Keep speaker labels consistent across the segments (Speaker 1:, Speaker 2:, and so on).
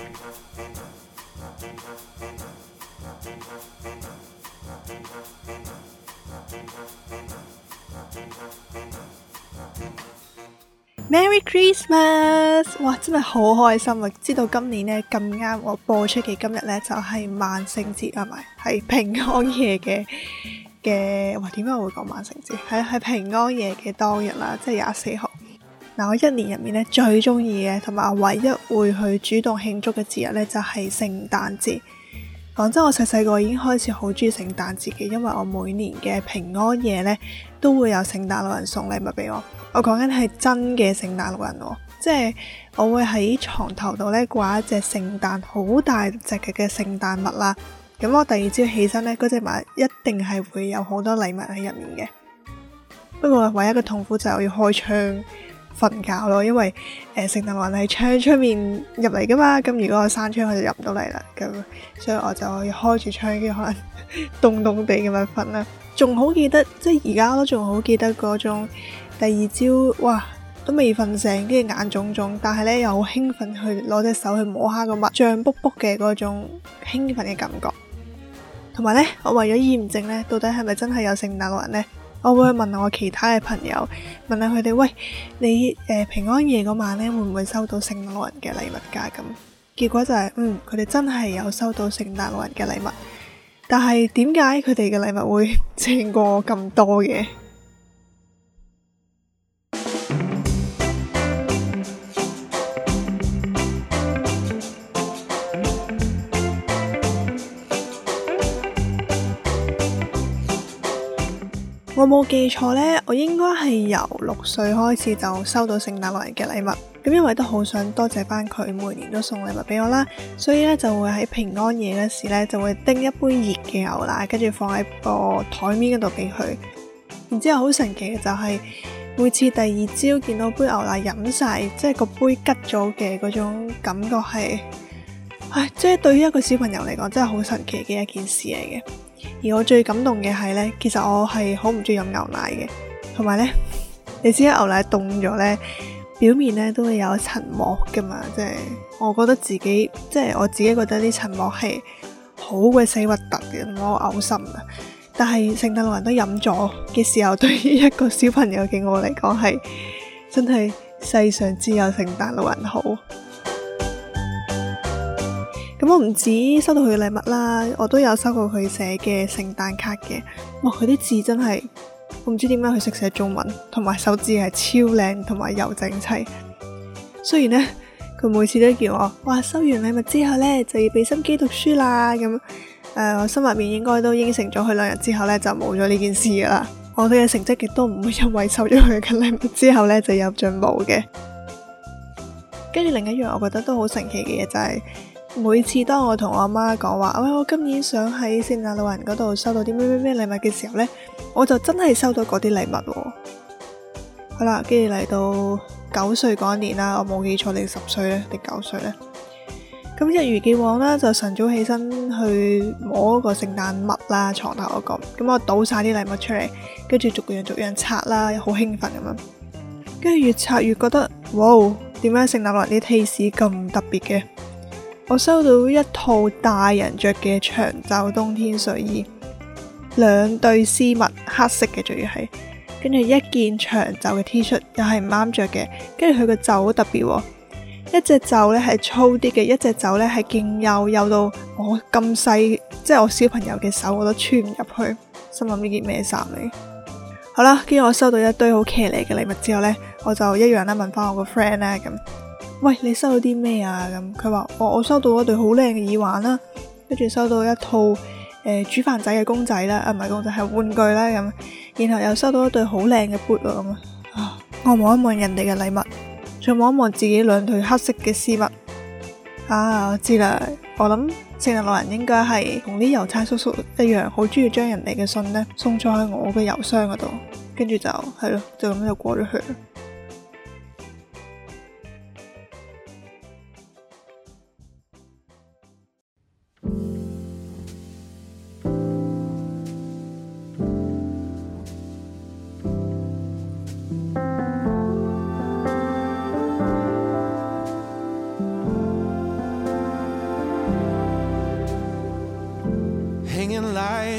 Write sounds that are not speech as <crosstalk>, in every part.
Speaker 1: Merry Christmas！哇，真係好開心啊！知道今年呢，咁啱我播出嘅今日呢，就係、是、萬聖節啊，唔係平安夜嘅嘅哇？點解我會講萬聖節？喺喺平安夜嘅當日啦，即係廿四號。但我一年入面咧最中意嘅，同埋唯一會去主動慶祝嘅節日咧，就係聖誕節。講真，我細細個已經開始好中意聖誕節嘅，因為我每年嘅平安夜咧都會有聖誕老人送禮物俾我。我講緊係真嘅聖誕老人喎，即係我會喺床頭度咧掛一隻聖誕好大隻嘅嘅聖誕物啦。咁我第二朝起身咧，嗰隻物一定係會有好多禮物喺入面嘅。不過唯一嘅痛苦就係我要開窗。瞓覺咯，因為誒聖誕老人係窗出面入嚟㗎嘛，咁如果我閂窗我，佢就入唔到嚟啦。咁所以我就要開住窗，跟住可能凍 <laughs> 凍地咁樣瞓啦。仲好記得，即係而家都仲好記得嗰種第二朝，哇，都未瞓醒，跟住眼腫腫，但係呢，又好興奮去攞隻手去摸下個襪，脹卜卜嘅嗰種興奮嘅感覺。同埋呢，我為咗驗證呢，到底係咪真係有聖誕老人呢？我會問我其他嘅朋友，問下佢哋：喂，你誒、呃、平安夜嗰晚咧，會唔會收到聖誕老人嘅禮物㗎？咁結果就係、是，嗯，佢哋真係有收到聖誕老人嘅禮物，但係點解佢哋嘅禮物會正過我咁多嘅？我冇記錯呢，我應該係由六歲開始就收到聖誕老人嘅禮物。咁因為都好想多謝翻佢每年都送禮物俾我啦，所以咧就會喺平安夜嗰時咧就會叮一杯熱嘅牛奶，跟住放喺個台面嗰度俾佢。然之後好神奇嘅就係每次第二朝見到杯牛奶飲晒，即係個杯吉咗嘅嗰種感覺係，唉，即係對於一個小朋友嚟講真係好神奇嘅一件事嚟嘅。而我最感動嘅係呢，其實我係好唔中意飲牛奶嘅，同埋呢，你知啦，牛奶凍咗呢，表面呢都會有一層膜噶嘛，即係我覺得自己即係我自己覺得啲層膜係好鬼死核突嘅，我嘔心啊！但係聖誕老人都飲咗嘅時候，對於一個小朋友嘅我嚟講，係真係世上只有聖誕老人好。咁、嗯、我唔止收到佢嘅禮物啦，我都有收到佢寫嘅聖誕卡嘅。哇，佢啲字真係，我唔知點樣去識寫中文，同埋手指係超靚，同埋又整齊。雖然呢，佢每次都叫我，哇，收完禮物之後呢，就要俾心機讀書啦。咁、嗯、誒，呃、我心入面應該都應承咗佢。兩日之後呢，就冇咗呢件事啦。我哋嘅成績亦都唔會因為收咗佢嘅禮物之後呢，就有進步嘅。跟住另一樣，我覺得都好神奇嘅嘢就係、是。每次當我同我阿媽講話，喂，我今年想喺聖誕老人嗰度收到啲咩咩咩禮物嘅時候呢，我就真係收到嗰啲禮物。好啦，跟住嚟到九歲嗰年啦，我冇記錯，你十歲呢，定九歲呢？咁一如既往啦，就晨早起身去摸個聖誕襪啦，床頭嗰個，咁我倒晒啲禮物出嚟，跟住逐樣逐樣拆啦，好興奮咁樣，跟住越拆越覺得，哇，點解聖誕老人啲 taste 咁特別嘅？我收到一套大人着嘅長袖冬天睡衣，兩對絲襪，黑色嘅仲要係，跟住一件長袖嘅 T 恤，又係唔啱着嘅，跟住佢個袖好特別，一隻袖咧係粗啲嘅，一隻袖咧係勁幼，幼到我咁細，即係我小朋友嘅手我都穿唔入去，心諗，呢件咩衫嚟？好啦，跟住我收到一堆好騎呢嘅禮物之後咧，我就一樣啦，問翻我個 friend 啦咁。喂，你收到啲咩啊？咁佢話我我收到一對好靚嘅耳環啦，跟住收到一套誒、呃、煮飯仔嘅公仔啦，啊唔係公仔係玩具啦咁、嗯，然後又收到一對好靚嘅 boot 啊咁啊，我望一望人哋嘅禮物，再望一望自己兩對黑色嘅絲襪，啊我知啦，我諗聖誕老人應該係同啲郵差叔叔一樣，好中意將人哋嘅信呢送咗喺我嘅郵箱嗰度，跟住就係咯，就咁就過咗去。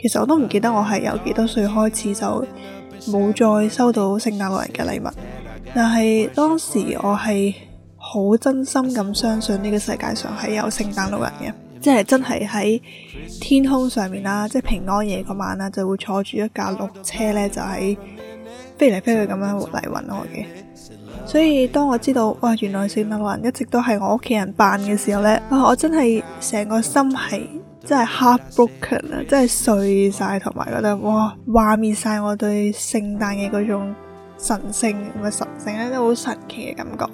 Speaker 1: 其實我都唔記得我係由幾多歲開始就冇再收到聖誕老人嘅禮物，但係當時我係好真心咁相信呢個世界上係有聖誕老人嘅，即係真係喺天空上面啦，即係平安夜嗰晚啦，就會坐住一架綠車咧，就喺飛嚟飛去咁樣嚟揾我嘅。所以當我知道哇，原來聖誕老人一直都係我屋企人扮嘅時候呢，啊，我真係成個心係～真係 heartbroken 啊！真係碎晒，同埋覺得哇，幻滅晒我對聖誕嘅嗰種神聖咁嘅神聖，一都好神奇嘅感覺。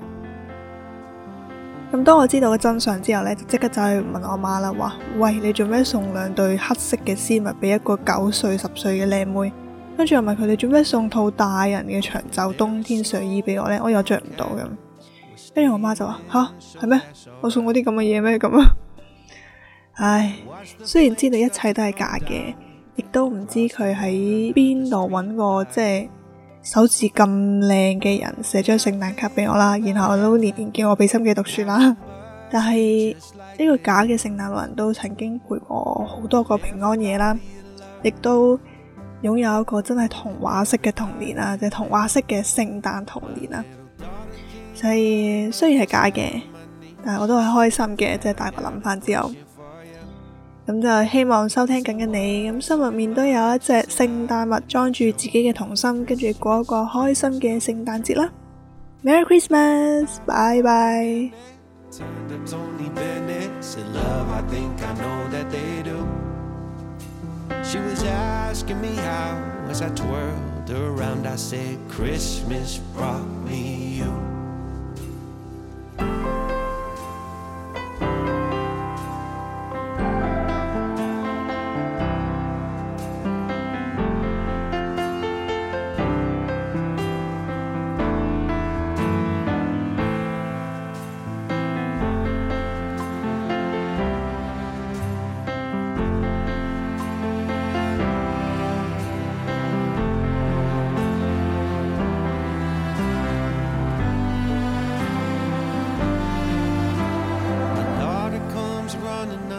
Speaker 1: 咁、嗯、當我知道個真相之後咧，就即刻走去問我媽啦，話喂，你做咩送兩對黑色嘅絲襪俾一個九歲十歲嘅靚妹？跟住又問佢哋做咩送套大人嘅長袖冬天睡衣俾我咧？我又着唔到嘅。跟住我媽就話：吓、啊，係咩？我送過啲咁嘅嘢咩？咁啊？唉，雖然知道一切都係假嘅，亦都唔知佢喺邊度揾個即係手指咁靚嘅人寫張聖誕卡俾我啦，然後我都年年叫我俾心機讀書啦。但係呢個假嘅聖誕老人都曾經陪我好多個平安夜啦，亦都擁有一個真係童話式嘅童年啦，即係童話式嘅聖誕童年啦。所以雖然係假嘅，但係我都係開心嘅，即係大個諗翻之後。咁就希望收聽緊嘅你，咁心入面都有一隻聖誕物裝住自己嘅童心，跟住過一個開心嘅聖誕節啦！Merry
Speaker 2: Christmas，bye bye。